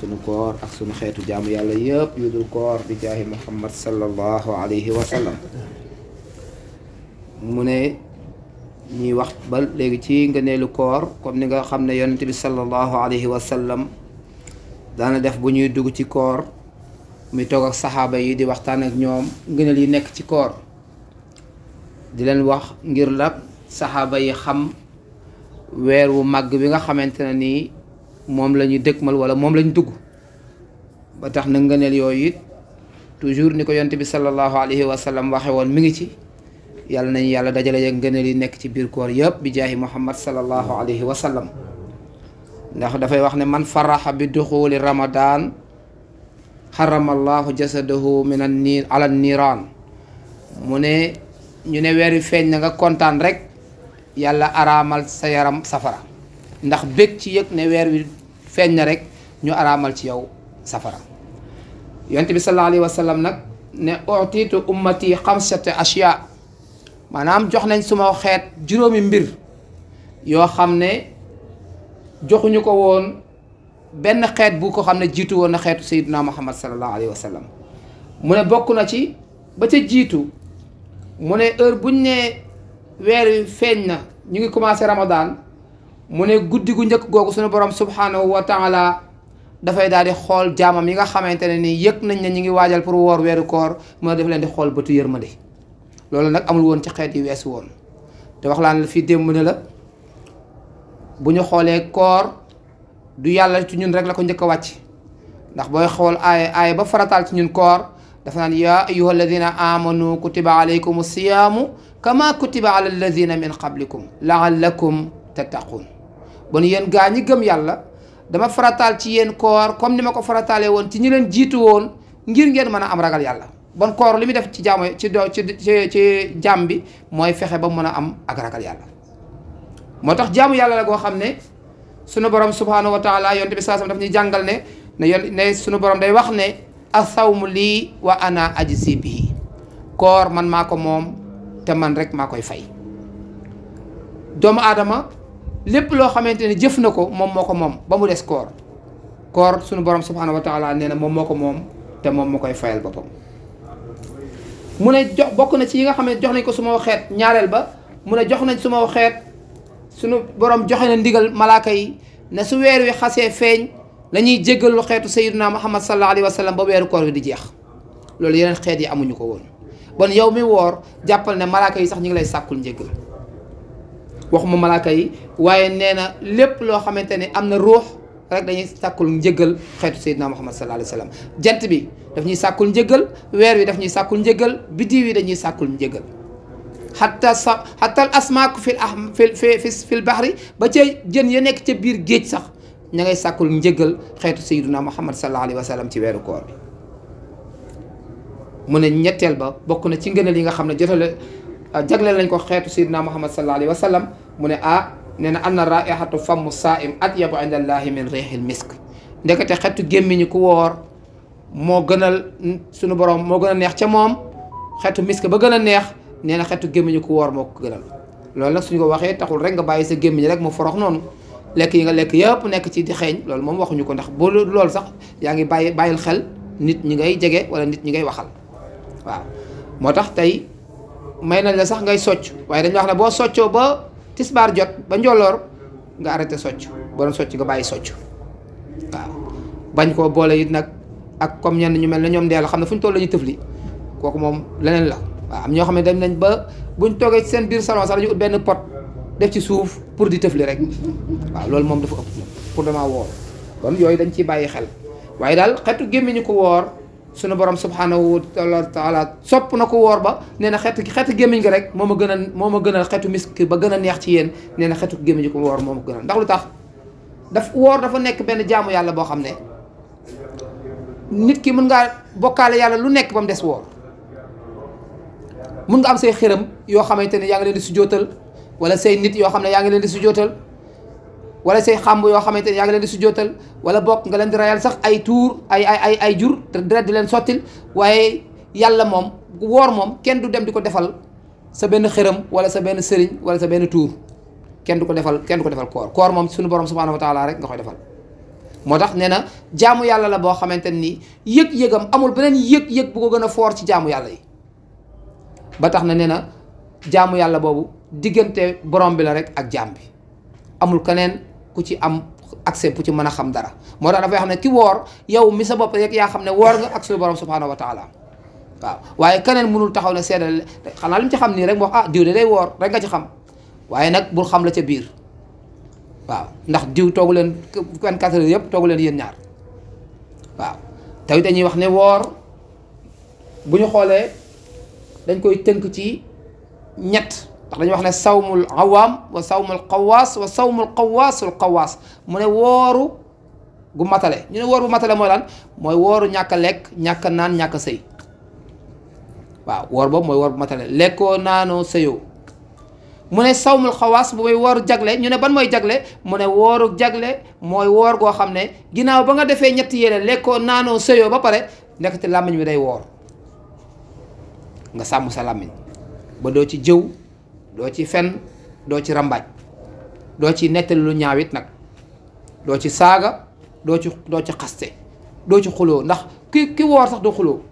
sunu koor ak sunu xeetu jàmm yàlla yëpp yu dul koor bi jaahi muhammad sallallahu alayhi wa sallam mu ne ñuy wax ba léegi ci ngëneelu koor comme ni nga xam ne yonent bi sallallahu alayhi wa sallam daana def bu ñuy dugg ci koor muy toog ak saxaaba yi di waxtaan ak ñoom ngëneel yi nekk ci koor di leen wax ngir la saxaaba yi xam weer wu màgg bi nga xamante ne nii moom la ñu dëkkmal wala moom la ñu dugg ba tax na ngëneel yooyu it toujours ni ko yonte bi sallallahu alayhi wa sallam waxe woon mu ngi ci yàlla nañu yàlla dajale yeeg ngëneel yi nekk ci biir koor yëpp bi jaahi muhammad sallallahu alayhi wa sallam ndax dafay wax ne man faraxa bi duxuli ramadaan xaramallahu jasadahu min an ni ala niiraan mu ne ñu ne weer weeri feeñ na nga kontaan rek yàlla araamal sa yaram safara ndax bég ci yëg ne weer wi feeñ na rek ñu araamal ci yow safara yonte bi sallallahu alayhi wa nag ne utiitu ummati xamsata ashyaa maanaam jox nañ suma xeet juróomi mbir yoo xam ne joxuñu ko woon benn xeet bu ko xam ne jiitu woon na xeetu sayyidina muhammad sallallahu alayhi wa sallam mu ne bokk na ci ba ca jiitu mu ne heure buñ ne weer wi feeñ na ñu ngi commencé ramadan mu ne guddi gu njëkk googu suñu borom subhanahu wa taala dafay daal di xool jaamam yi nga xamante ne ni yëg nañ ne ñu ngi waajal pour woor weeru koor mu ne daf leen di xool bëtu yërmande loolu nag amul woon ci xeet yi weesu woon te wax laa ne fii démb ne la bu ñu xoolee koor du yàlla ci ñun rek la ko njëkk a wàcc ndax booy xool aaya aaya ba farataal ci ñun koor dafa naan yaa ayyuha alladina amanu kutiba alaykum siyaamu kama kutiba ala alladina min qablikum te tattaqun bon yéen gaa ñi gëm yàlla dama farataal ci yéen koor comme ni ma ko farataalee woon ci ñi leen jiitu woon ngir ngeen mën a am ragal yàlla bon koor li muy def ci jaamu ci ci ci jaam bi mooy fexe ba mu mën a am ak ragal yàlla moo tax jaamu yàlla la goo xam ne sunu borom subhaanahu wa taala yonent bi saasam daf ñuy jàngal ne ne yon ne sunu borom day wax ne saw asawmu lii wa ana ajzi bii koor man maa ko moom te man rek maa koy fay doomu aadama lépp loo xamante ne jëf na ko moom moo ko moom ba mu des koor koor suñu borom subhaanahu wa taala nee na moom moo ko moom te moom moo koy fayal boppam. mu ne jox bokk na ci yi nga xam ne jox nañ ko suma xeet ñaareel ba mu ne jox nañ suma xeet suñu borom joxe na ndigal malaaka yi ne su weer wi xasee feeñ la ñuy jéggalu xeetu sayyiduna muhammad sallallahu alayhi wa sallam ba weeru koor wi di jeex loolu yeneen xeet yi amuñu ko woon bon yow mi woor jàppal ne malaaka yi sax ñu ngi lay sàkkul njéggal waxuma malaaka yi waaye nee na lépp loo xamante ne am na ruux rek dañuy sàkkul njëggal xeetu Seydina Muhammad sallallahu alayhi jant bi daf ñuy sàkkul njëggal weer wi daf ñuy sàkkul njëggal biddiw yi dañuy sàkkul njëggal xatta sa fi fil ah, ba ca jën ya nekk ca biir géej sax ña ngay sàkkul njëggal xeetu Seydina Muhammad sallallahu alayhi ci weeru koor bi mu ne ñetteel ba bokk na ci ngëneel yi nga xam ne jotale jagleel nañ ko xeetu sayyidina muhammad sallallahu alayhi wa sallam mu ne ah nee na anna raihatu famu saim atyabu indallahi min riihil misk ndekete xeetu gémmiñu ku woor moo gënal sunu borom moo gën a neex ca moom xeetu misk ba gën a neex nee na xeetu gémmiñu ku woor moo ko gënal loolu nag suñu ko waxee taxul rek nga bàyyi sa gémmiñ rek mu forox noonu lekk yi nga lekk yëpp nekk ci di xeeñ loolu moom waxuñu ko ndax bu loolu sax yaa ngi bàyyi bàyyil xel nit ñi ngay jege wala nit ñi ngay waxal waaw moo tax tey may nañ la sax ngay socc waaye dañ wax na boo soccoo ba tisbaar jot ba njolloor nga arrêté socc boo doon socc nga bàyyi socc waaw bañ koo boole it nag ak comme ñeen ñu mel ne ñoom deel xam ne fu ñu toll la ñu tëfli kooku moom leneen la am ñoo xam ne dem nañ ba buñ toogee ci seen biir salon sax dañu ut benn pot def ci suuf pour di tëfli rek waaw loolu moom dafa ëpp pour dama woor kon yooyu dañ ciy bàyyi xel waaye daal xetu gémmiñu ko woor sunu borom subhanahu wa taala sopp na ko woor ba nee na xeetu xeetu gémmiñ gi rek moo ma gën a moo ma gën a ba gën a neex ci yéen nee na xeetu gémmiñ ko woor moo ma ndax lu tax daf woor dafa nekk benn jaamu yàlla boo xam ne nit ki mën ngaa bokkaale yàlla lu nekk ba mu des woor mun nga am say xërëm yoo xamante ne yaa ngi leen di sujootal wala say nit yoo xam ne yaa ngi leen di sujootal wala say xàmb yoo xamante ne yaa ngi leen di sujjootal wala bokk nga leen di rayal sax ay tuur ay ay ay jur te deret di leen sottil waaye yàlla moom woor moom kenn du dem di ko defal sa benn xëram wala sa benn sëriñ wala sa benn tuur kenn du ko defal kenn du defal koor koor moom suñu borom subhanahu wa taala rek nga koy defal moo tax nee na jaamu yàlla la boo xamante ni yëg-yëgam amul beneen yëg-yëg bu ko gën a foor ci jaamu yàlla yi ba tax na nee na jaamu yàlla boobu diggante borom bi la rek ak jaam bi keneen ku ci am accès bu ci mën a xam dara moo tax dafay xam ne ki woor yow mi sa bopp yaa xam ne woor nga ak suñu borom subhaanahu wa taala waaw waaye keneen mënul taxaw ne seedal xanaa li mu ci xam nii rek moo ah diw de day woor rek nga ci xam waaye nag bul xam la ca biir waaw ndax diw toogu leen 24 heures yëpp toogu leen yéen ñaar waaw tey dañuy wax ne woor bu ñu xoolee dañ koy tënk ci ñett ndax dañuy wax ne sawmul awaam wa sawmul qawaas wa sawmul qawaasul qawaas mu ne wooru gu matale ñu ne woor bu matale mooy lan mooy wooru ñàkk lekk ñàkk naan ñàkk a sëy waaw woor boobu mooy woor bu matale lekkoo naanoo sëyoo mu ne sawmul xawaas bu mooy wooru jagle ñu ne ban mooy jagle mu ne wooru jagle mooy woor goo xam ne ginnaaw ba nga defee ñetti yéene lekkoo naanoo sëyoo ba pare ci làmmiñ bi day woor nga sàmm sa làmmiñ ba doo ci jëw doo ci fen doo ci rambaaj doo ci nettali lu ñaawit nag doo ci saaga doo ci doo ci xaste doo ci xuloo ndax ki ki woor sax du xuloo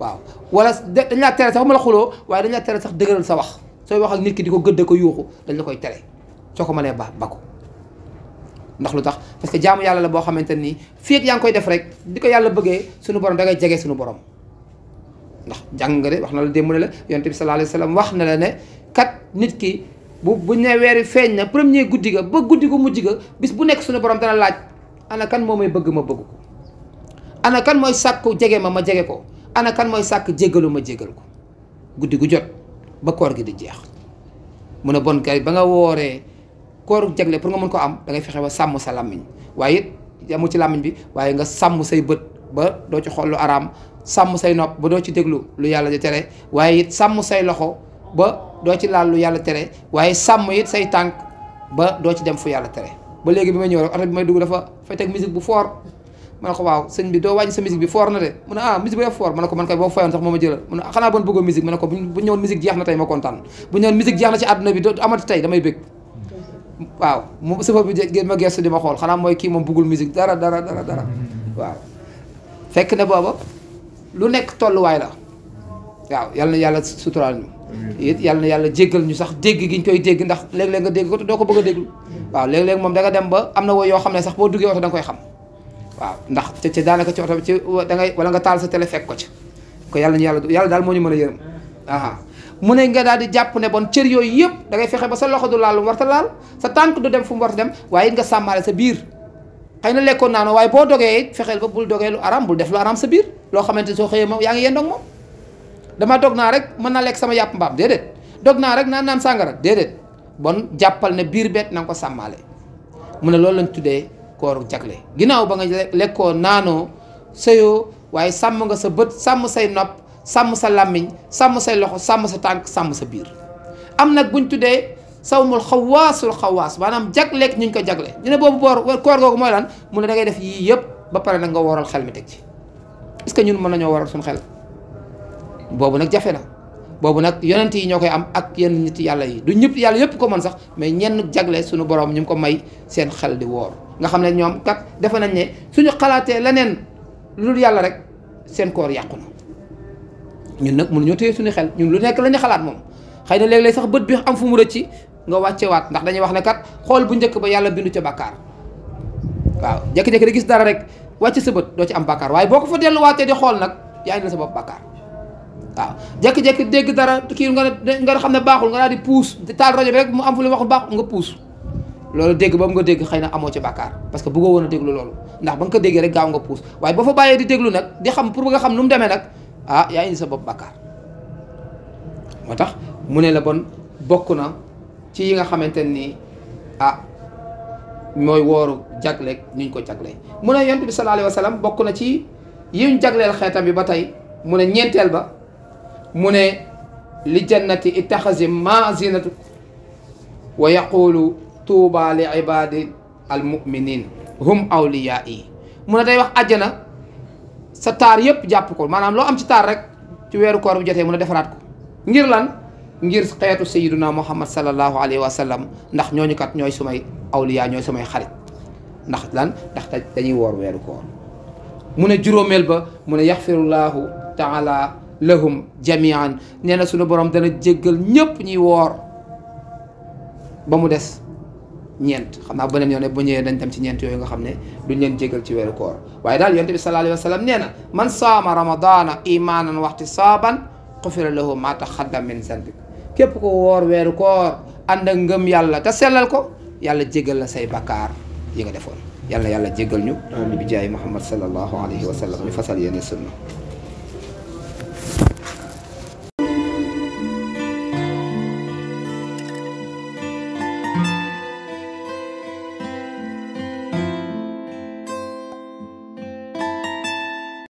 waaw wala dañ laa tere sax ma la xuloo waaye dañ tere sax dëgëral sa wax sooy wax ak nit ki di ko gëdd ko yuuxu dañ la koy tere soo ko mënee ba bako ndax lu tax parce que jaamu yàlla la boo xamante nii fii ak yaa ngi koy def rek di ko yàlla bëggee suñu borom da jege suñu borom ndax jàng nga de wax na la démb ne la yonent bi sallallahu alayhi wa wax na la ne nit ki bu bu ñu nee feeñ na premier guddi ga ba guddi gu mujj ga bis bu nekk suñu borom dana laaj ana kan moo may bëgg ma bëgg ko ana kan mooy sàkku jege ma ma jege ko ana kan mooy sàkk jégalu ma jégal ko guddi gu jot ba koor gi di jeex mu ne bon kay ba nga wooree koor jagle pour nga mën ko am dangay fexe ba sàmm sa làmmiñ waaye it yamu ci làmmiñ bi waaye nga sàmm say bët ba doo ci xollu lu araam sàmm say nopp ba doo ci déglu lu yàlla di tere waaye it sàmm say loxo ba doo ci laal yàlla tere waaye sàmm it say tànk ba doo ci dem fu yàlla tere ba léegi bi ma ñëw rek oto bi may dugg dafa fa teg bu fort ma ne ko waaw sëñ bi doo wàññi sa musique bi fort na de mu ne ah musique bi def fort ko man kay boo fayoon sax moo ma jëlal mu ne ah, xanaa bon bëggoo musique ma ne ko bu tey ma bu ñëwoon musique damay bég waaw mu safar bi ma gestu di ma xool xanaa mooy kii moom bëggul musique dara dara dara dara waaw fekk na booba lu nekk tolluwaay la waaw yàlla na yàlla suturaal ñu it yàlla na yàlla jéggal ñu sax dégg gi ñu koy dégg ndax léeg-léeg nga dégg ko doo ko bëgg a déglu waaw léeg-léeg moom danga dem ba am na wooy yoo xam ne sax boo duggee oto da nga koy xam waaw ndax te ci daanaka ci oto ci da ngay wala nga taal sa télé fekk ko ci ko yàlla ñu yàlla yàlla daal moo ñu mën a yërëm aha mu ne nga daal di jàpp ne bon cër yooyu yëpp da ngay fexe ba sa loxo du laal lu mu warta laal sa tànk du dem fu mu warta dem waaye it nga sàmmaale sa biir xëy na lekkoon naa no waaye boo dogee it fexeel ba bul lu aram bul def lu aram sa biir loo xamante soo xëyee moom yaa ngi dama dog naa rek mën naa lekk sama yàpp mbaam déedéet dog naa rek naa naan sàngara déedéet bon jàppal na biir bet na ko sàmmaale mu ne loolu lañ tuddee kooru jagle ginnaaw ba nga lekkoo naanoo sëyoo waaye sàmm nga sa bët sàmm say nopp sàmm sa làmmiñ sàmm say loxo sàmm sa tànk sàmm sa biir am nag buñ tuddee saw sawmul xawaasul xawaas maanaam lekk ñu ko jagle ñu ne boobu boor koor googu mooy lan mu ne da ngay def yii yëpp ba pare nag nga waral xel mi teg ci est que ñun mën nañoo waral suñu xel boobu nag jafe na boobu nag yonent yi ñoo koy am ak yenn nit yàlla yi du ñëpp yàlla yëpp ko man sax mais ñenn jagle suñu boroom ñu ko may seen xel di woor nga xam ne ñoom kat defe nañ ne suñu xalaatee leneen lu dul yàlla rek seen koor yàqu na ñun nag mun mënuñoo téye suñu xel ñu lu nekk la xalaat moom xëy na léeg-léeg sax bët bi am fu mu rëcc nga wàccewaat ndax dañuy wax ne kat xool bu njëkk ba yàlla bindu ca bàkkaar waaw jékki-jékki di gis dara rek wàcce sa bët doo ci am bàkkaar waaye boo ko fa delluwaatee di xool nag yaa sa bopp bàkkaar waaw jékki dégg dara kii nga ne nga xam ne baaxul nga daal di puus taal rajo bi rek mu am fu lu wax baax nga puus loolu dégg boobu nga dégg xëy na amoo ci bàkkaar parce que bëggoo woon a déglu loolu ndax ba nga ko déggee rek gaaw nga puus waaye boo fa bàyyee di déglu nag di xam pour nga xam nu mu demee nag ah yaa indi sa bopp bàkkaar moo tax mu ne la bon bokk na ci yi nga xamante ni ah mooy wooru jagleeg ñu ko jaglee mu ne yonent bi sallallahu alayhi wa sallam bokk na ci yi ñu xeetam bi ba tey mu ne ñeenteel ba mu ne li jannati ittaxasi mazinatu wa yaqulu tuuba li ibadi al muminin hum awliyaa yi mu ne day wax àjjana sa taar yëpp jàpp ko maanaam loo am ci taar rek ci weeru koor bu jotee mun a defaraat ko ngir lan ngir xeetu sayiduna muhammad salallahu alayhi wa sallam ndax ñooñu kat ñooy sumay awliyaa ñooy sumay xarit ndax lan ndax dañuy woor weeru mu ne juróomeel ba mu ne yaxfirullahu taala lahum jamian nee na sunu borom dana jéggal ñëpp ñuy woor ba mu des ñeent xam naa beneen yoon ne bu ñëwee dañ dem ci ñeent yooyu nga xam ne du leen jégal ci weeru koor waaye daal yonent bi sallallaahu alayhi wa sallam nee na man saama ramadaana imaanan wa ihtisaaban xufira lahu maa taqaddama min zanbi képp ko woor weeru koor ànd ak ngëm yàlla te sellal ko yàlla jégal la say bakkaar yi nga defoon yàlla yàlla jégal ñu bi jaay muhammad sallallahu alayhi wa sallam ñu fasal yéene sunna